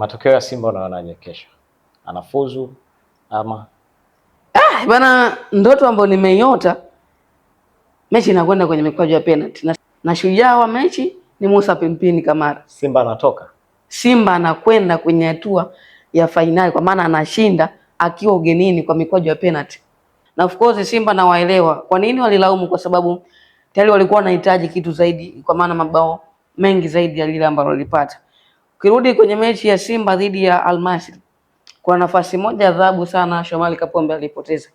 Matokeo ya Simba unaonaje kesho, anafuzu ama? Ah, bana, ndoto ambayo nimeiota mechi inakwenda kwenye mikwaju ya penalty na, na shujaa wa mechi ni Musa Pimpini Kamara. Simba anatoka, Simba anakwenda kwenye hatua ya fainali, kwa maana anashinda akiwa ugenini kwa mikwaju ya penalty. Na of course Simba nawaelewa kwa nini walilaumu, kwa sababu tayari walikuwa wanahitaji kitu zaidi, kwa maana mabao mengi zaidi ya lile ambalo walipata. Ukirudi kwenye mechi ya Simba dhidi ya Almasri, kuna nafasi moja adhabu sana Shomali Kapombe alipoteza,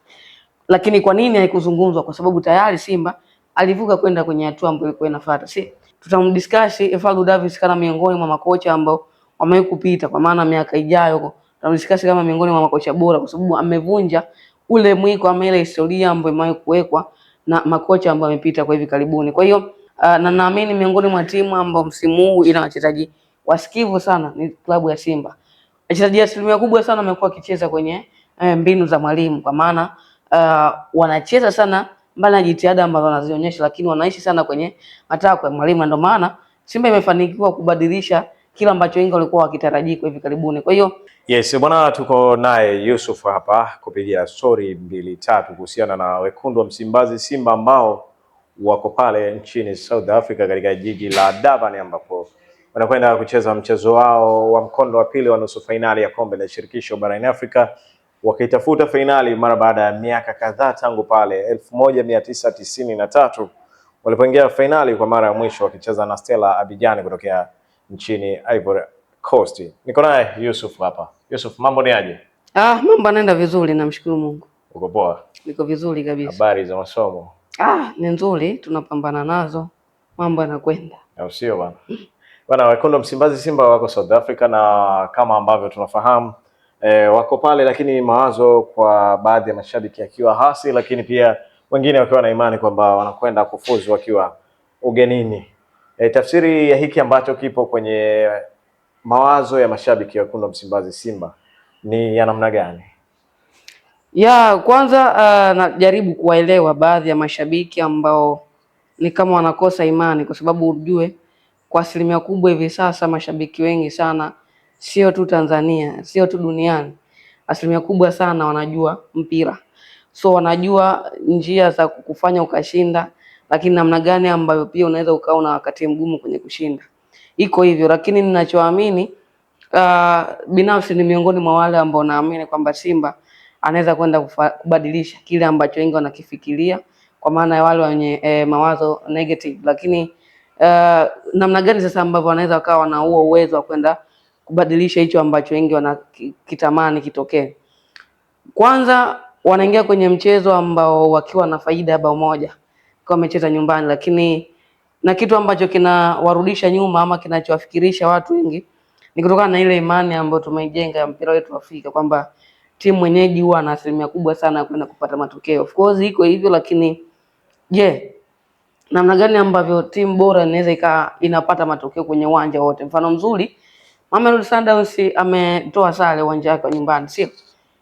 lakini kwa nini haikuzungumzwa? Kwa sababu tayari Simba alivuka kwenda kwenye hatua ambayo ilikuwa inafuata. Si tutamdiscuss Efalu Davis kama miongoni mwa makocha ambao wamewahi kupita, kwa maana miaka ijayo tutamdiscuss kama miongoni mwa makocha bora, kwa sababu amevunja ule mwiko ama ile historia ambayo imewahi kuwekwa na makocha ambao wamepita kwa hivi karibuni. Kwa hiyo uh, na naamini miongoni mwa timu ambao msimu huu ina wachezaji wasikivu sana ni klabu ya Simba. Wachezaji asilimia kubwa sana wamekuwa wakicheza kwenye eh, mbinu za mwalimu, kwa maana uh, wanacheza sana mbali na jitihada ambazo wanazionyesha, lakini wanaishi sana kwenye matakwa ya mwalimu, na ndio maana Simba imefanikiwa kubadilisha kila ambacho wengi walikuwa wakitarajia kwa hivi karibuni. Kwa hiyo yes, bwana, tuko naye Yusuf hapa kupigia stori mbili tatu kuhusiana na wekundu wa Msimbazi Simba ambao wako pale nchini South Africa katika jiji la Durban ambapo wanakwenda kucheza mchezo wao wa mkondo wa pili wa nusu fainali ya kombe la shirikisho barani Afrika wakitafuta fainali mara baada ya miaka kadhaa tangu pale 1993 walipoingia fainali kwa mara ya mwisho wakicheza na Stella Abidjan kutokea nchini Ivory Coast. Niko naye Yusuf hapa. Yusuf, mambo ni aje? Ah, mambo anaenda vizuri, namshukuru Mungu. Uko poa? Niko vizuri kabisa. Habari za masomo? Ah, ni nzuri, tunapambana nazo, mambo yanakwenda, au sio bwana? Mm. Bwana, wekundu Msimbazi Simba wako South Africa na kama ambavyo tunafahamu e, wako pale, lakini mawazo kwa baadhi ya mashabiki akiwa hasi, lakini pia wengine wakiwa na imani kwamba wanakwenda kufuzu wakiwa ugenini. E, tafsiri ya hiki ambacho kipo kwenye mawazo ya mashabiki wekundu Msimbazi Simba ni ya namna gani? Ya kwanza uh, najaribu kuwaelewa baadhi ya mashabiki ambao ni kama wanakosa imani kwa sababu ujue kwa asilimia kubwa hivi sasa mashabiki wengi sana, sio tu Tanzania, sio tu duniani, asilimia kubwa sana wanajua mpira, so wanajua njia za kukufanya ukashinda, lakini namna gani ambayo pia unaweza ukawa na wakati mgumu kwenye kushinda, iko hivyo. Lakini ninachoamini uh, binafsi ni miongoni mwa wale ambao naamini kwamba Simba anaweza kwenda kubadilisha kile ambacho wengi wanakifikiria, kwa maana ya wale wenye eh, mawazo negative, lakini uh, namna gani sasa ambavyo wanaweza wakawa wana huo uwezo wa kwenda kubadilisha hicho ambacho wengi wanakitamani kitokee. Kwanza wanaingia kwenye mchezo ambao wakiwa na faida ya bao moja kwa wamecheza nyumbani, lakini na kitu ambacho kinawarudisha nyuma ama kinachowafikirisha watu wengi ni kutokana na ile imani ambayo tumeijenga ya mpira wetu wa Afrika kwamba timu mwenyeji huwa na asilimia kubwa sana ya kwenda kupata matokeo. Of course iko hivyo, lakini je, yeah, namna gani ambavyo timu bora inaweza ika inapata matokeo kwenye uwanja wote. Mfano mzuri Mamelodi Sundowns ametoa sare uwanja wake wa nyumbani, sio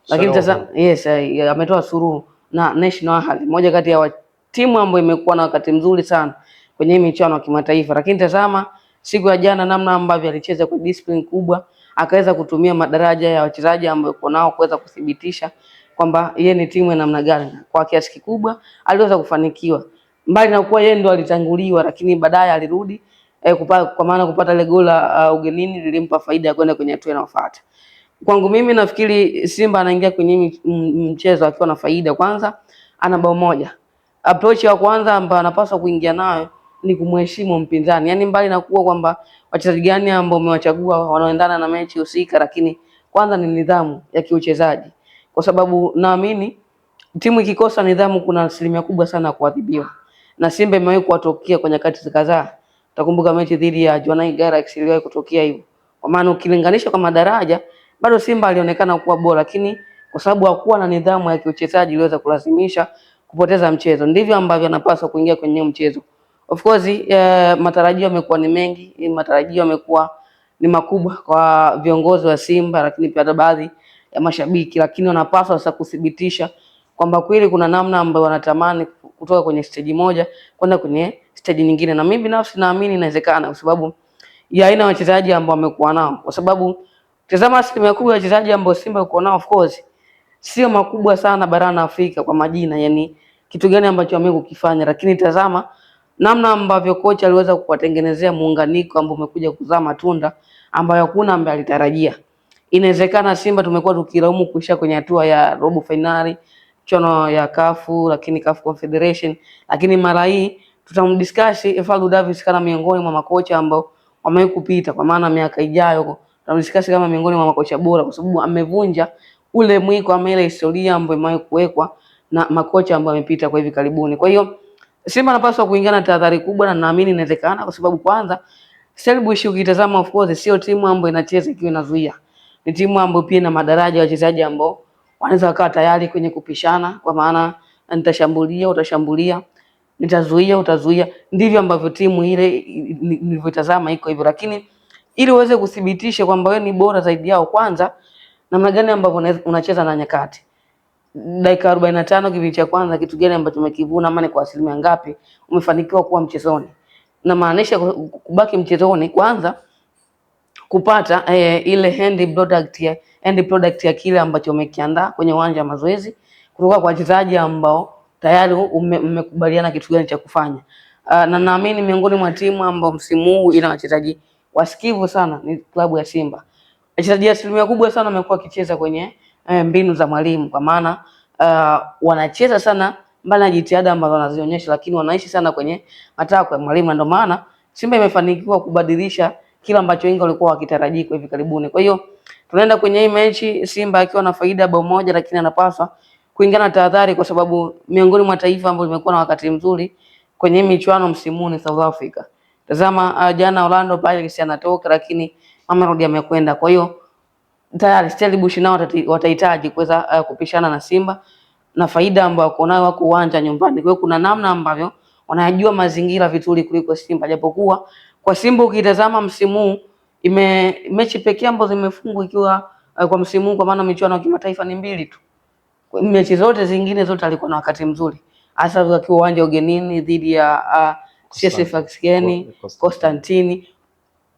lakini sasa, yes, eh, ametoa suruhu na National Ahli, moja kati ya timu ambayo imekuwa na wakati mzuri sana kwenye michuano ya kimataifa. Lakini tazama siku ya jana, namna ambavyo alicheza kwa discipline kubwa, akaweza kutumia madaraja ya wachezaji ambao yuko nao kuweza kuthibitisha kwamba yeye ni timu ya namna gani. Kwa kiasi kikubwa aliweza kufanikiwa mbali na kuwa yeye ndo alitanguliwa, lakini baadaye alirudi eh, kupa, kwa maana kupata ile goli uh, ugenini lilimpa faida ya kwenda kwenye hatua inayofuata. Kwangu mimi nafikiri Simba anaingia kwenye mchezo akiwa na faida. Kwanza ana bao moja. Approach ya kwanza ambayo anapaswa kuingia nayo ni kumheshimu mpinzani, yaani mbali na kuwa kwamba wachezaji gani ambao umewachagua wanaoendana na mechi husika, lakini kwanza ni nidhamu ya kiuchezaji, kwa sababu naamini timu ikikosa nidhamu kuna asilimia kubwa sana ya kuadhibiwa na Simba imewahi kuwatokea kwa nyakati kadhaa. Utakumbuka mechi dhidi ya Jwaneng Galaxy iliwahi kutokea hivyo, kwa maana ukilinganisha kwa madaraja bado Simba alionekana kuwa bora, lakini kwa sababu hakuwa na nidhamu ya kiuchezaji iliweza kulazimisha kupoteza mchezo. Ndivyo ambavyo anapaswa kuingia kwenye mchezo. Of course eh, matarajio yamekuwa ni mengi, eh, matarajio yamekuwa ni makubwa kwa viongozi wa Simba, lakini pia hata baadhi ya mashabiki, lakini wanapaswa sasa kuthibitisha kwamba kweli kuna namna ambayo wanatamani kutoka kwenye stage moja kwenda kwenye stage nyingine, na mimi binafsi naamini inawezekana kwa sababu ya aina ya wachezaji ambao wamekuwa nao, kwa sababu tazama asilimia kubwa ya wachezaji ambao Simba yuko nao of course sio makubwa sana barani Afrika kwa majina, yani kitu gani ambacho wamekuwa wamekukifanya, lakini tazama namna ambavyo kocha aliweza kuwatengenezea muunganiko ambao umekuja kuzaa matunda ambayo hakuna ambaye alitarajia. Inawezekana Simba tumekuwa tukilaumu kuisha kwenye hatua ya robo fainali michuano ya Kafu lakini Kafu Confederation, lakini mara hii tutamdiscuss Evaldo Davis kama miongoni mwa makocha ambao wamewahi kupita, kwa maana miaka ijayo tutamdiscuss kama miongoni mwa makocha bora, kwa sababu amevunja ule mwiko ama ile historia ambayo imewahi kuwekwa na makocha ambao wamepita kwa hivi karibuni. Kwa hiyo Simba anapaswa kuingana na tahadhari kubwa, na naamini inawezekana, kwa sababu kwanza Stellenbosch ukitazama, of course sio timu ambayo inacheza ikiwa inazuia, ni timu ambayo pia ina madaraja ya wachezaji ambao wanaweza wakawa tayari kwenye kupishana, kwa maana nitashambulia, utashambulia, nitazuia, utazuia. Ndivyo ambavyo timu ile nilivyotazama iko hivyo, lakini ili uweze kuthibitisha kwamba wewe ni bora zaidi yao, kwanza namna gani ambavyo unacheza na nyakati dakika arobaini na tano kipindi cha kwanza, kitu gani ambacho umekivuna, maana kwa asilimia ngapi umefanikiwa kuwa mchezoni? Namaanisha kubaki mchezoni kwanza kupata eh, ile end product ya end product ya kile ambacho umekiandaa kwenye uwanja wa mazoezi kutoka kwa wachezaji ambao tayari mmekubaliana kitu gani cha kufanya. Uh, na naamini miongoni mwa timu ambao msimu huu ina wachezaji wasikivu sana ni klabu ya Simba. Wachezaji asilimia kubwa sana wamekuwa wakicheza kwenye eh, mbinu za mwalimu, kwa maana uh, wanacheza sana mbali na jitihada ambazo wanazionyesha, lakini wanaishi sana kwenye matakwa ya mwalimu, na ndio maana Simba imefanikiwa kubadilisha kila ambacho wengi walikuwa wakitarajii kwa hivi karibuni. Kwa hiyo tunaenda kwenye hii mechi Simba akiwa na faida bao moja, lakini anapaswa kuingana tahadhari, kwa sababu miongoni mwa taifa ambalo limekuwa na wakati mzuri kwenye michuano msimu ni South Africa. Tazama uh, jana Orlando Pirates anatoka, lakini Mamelodi amekwenda. Kwa hiyo tayari Stellenbosch nao watahitaji kuweza uh, kupishana na Simba na faida ambayo wako nayo, wako uwanja nyumbani. Kwa hiyo kuna namna ambavyo wanajua mazingira vizuri kuliko Simba japokuwa kwa Simba ukitazama msimu ime mechi pekee ambazo zimefungwa ikiwa uh, kwa msimu kwa maana michuano ya kimataifa ni mbili tu. Mechi zote zingine zote alikuwa na wakati mzuri, hasa akiwa uwanja ugenini dhidi ya uh, ah, CSFA Constantini, Constantini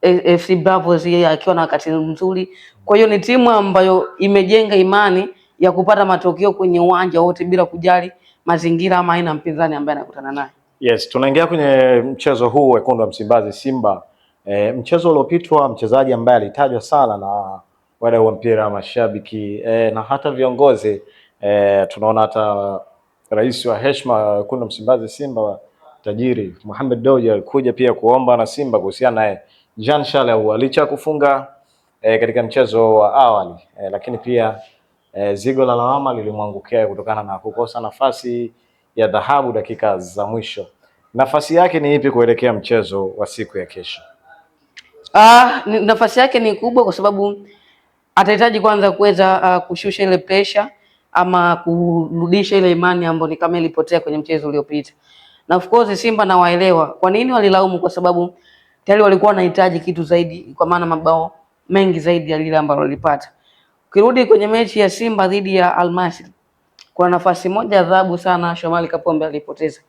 eh, eh, FC Bravo yeye akiwa na wakati mzuri. Kwa hiyo ni timu ambayo imejenga imani ya kupata matokeo kwenye uwanja wote bila kujali mazingira ama aina mpinzani ambaye anakutana naye. Yes, tunaingia kwenye mchezo huu wekundu wa Msimbazi Simba. E, mchezo uliopitwa mchezaji ambaye alitajwa sana na wale wa mpira, mashabiki e, na hata viongozi e, tunaona hata rais wa heshima wekundu wa Msimbazi Simba tajiri Mohamed Dewji alikuja pia kuomba na Simba kuhusiana naye Jean Charles licha ya kufunga e, katika mchezo wa awali e, lakini pia e, zigo la lawama lilimwangukia kutokana na kukosa nafasi ya dhahabu dakika za mwisho, nafasi yake ni ipi kuelekea mchezo wa siku ya kesho? Ah, nafasi yake ni kubwa kwa sababu atahitaji kwanza kuweza uh, kushusha ile pressure ama kurudisha ile imani ambayo ni kama ilipotea kwenye mchezo uliopita. Na of course Simba nawaelewa kwa nini walilaumu, kwa sababu tayari walikuwa wanahitaji kitu zaidi, kwa maana mabao mengi zaidi ya lile ambalo walipata. Ukirudi kwenye mechi ya Simba dhidi ya Al kuna nafasi moja adhabu sana Shomari Kapombe alipoteza,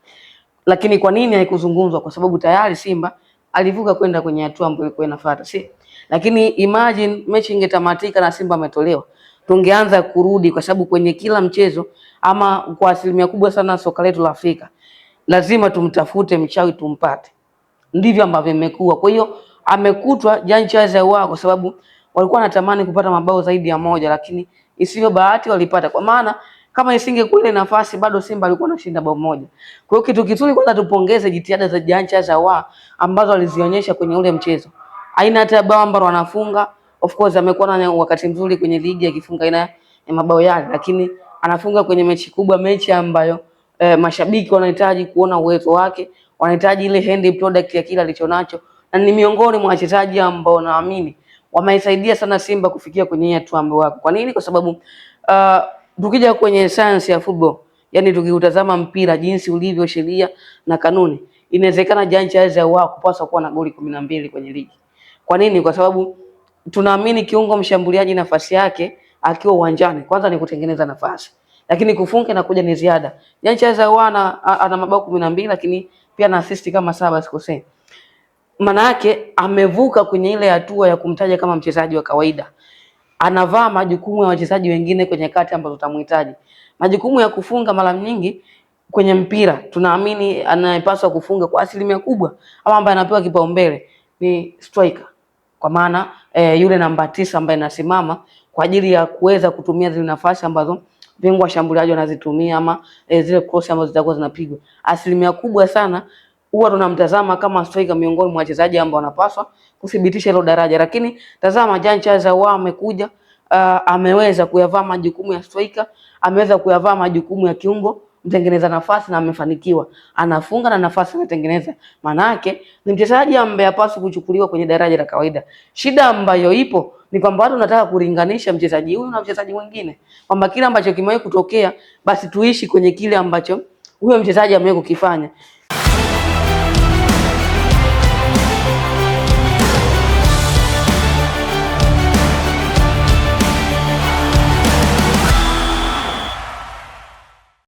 lakini kwa nini haikuzungumzwa? Kwa sababu tayari Simba alivuka kwenda kwenye hatua ambayo ilikuwa inafuata, si? Lakini imagine mechi ingetamatika na Simba ametolewa, tungeanza kurudi, kwa sababu kwenye kila mchezo ama kwa asilimia kubwa sana soka letu la Afrika lazima tumtafute mchawi tumpate, ndivyo ambavyo imekuwa. Kwa hiyo amekutwa Jan Chaza wa kwa sababu walikuwa wanatamani kupata mabao zaidi ya moja, lakini isivyo bahati walipata, kwa maana kama isingekuwa ile nafasi, bado Simba alikuwa anashinda bao moja. Kwa hiyo kitu kizuri, kwanza tupongeze jitihada za Janja Zawa ambazo alizionyesha kwenye ule mchezo, aina hata bao ambalo anafunga. Of course amekuwa na wakati mzuri kwenye ligi akifunga aina ya mabao yake, lakini anafunga kwenye mechi kubwa, mechi ambayo eh, mashabiki wanahitaji kuona uwezo wake, wanahitaji ile hand product ya kila alichonacho, na ni miongoni mwa wachezaji ambao naamini wamesaidia sana Simba kufikia kwenye hatua ambayo wako. Kwa nini? Kwa sababu uh, Tukija kwenye sayansi ya football, yani tukiutazama mpira jinsi ulivyo, sheria na kanuni, inawezekana Janja Azawa kupaswa kuwa na goli kumi na mbili kwenye ligi. Kwa nini? Kwa sababu tunaamini kiungo mshambuliaji nafasi yake akiwa uwanjani kwanza ni kutengeneza nafasi, lakini kufunga inakuja ni ziada. Janja Azawa ana, ana mabao kumi na mbili lakini pia na assist kama saba sikosei. Maana yake amevuka kwenye ile hatua ya kumtaja kama mchezaji wa kawaida anavaa majukumu ya wachezaji wengine kwenye kati ambazo tutamhitaji. Majukumu ya kufunga mara nyingi kwenye mpira tunaamini anayepaswa kufunga kwa asilimia kubwa ama ambaye anapewa kipaumbele ni striker, kwa maana e, yule namba tisa ambaye anasimama kwa ajili ya kuweza kutumia zile nafasi ambazo bingwa washambuliaji wanazitumia ama e, zile cross ambazo zitakuwa zinapigwa. Asilimia kubwa sana huwa tunamtazama kama striker miongoni mwa wachezaji ambao wanapaswa kuthibitisha hilo daraja, lakini tazama Jan Charles Ahoua amekuja, uh, ameweza kuyavaa majukumu ya striker, ameweza kuyavaa majukumu ya kiungo mtengeneza nafasi na amefanikiwa, anafunga na nafasi anatengeneza. Manake ni mchezaji ambaye hapaswi kuchukuliwa kwenye daraja la kawaida. Shida ambayo ipo ni kwamba watu wanataka kulinganisha mchezaji huyu na mchezaji mwingine, kwamba kile ambacho kimewahi kutokea basi tuishi kwenye kile ambacho huyo mchezaji amewahi kukifanya.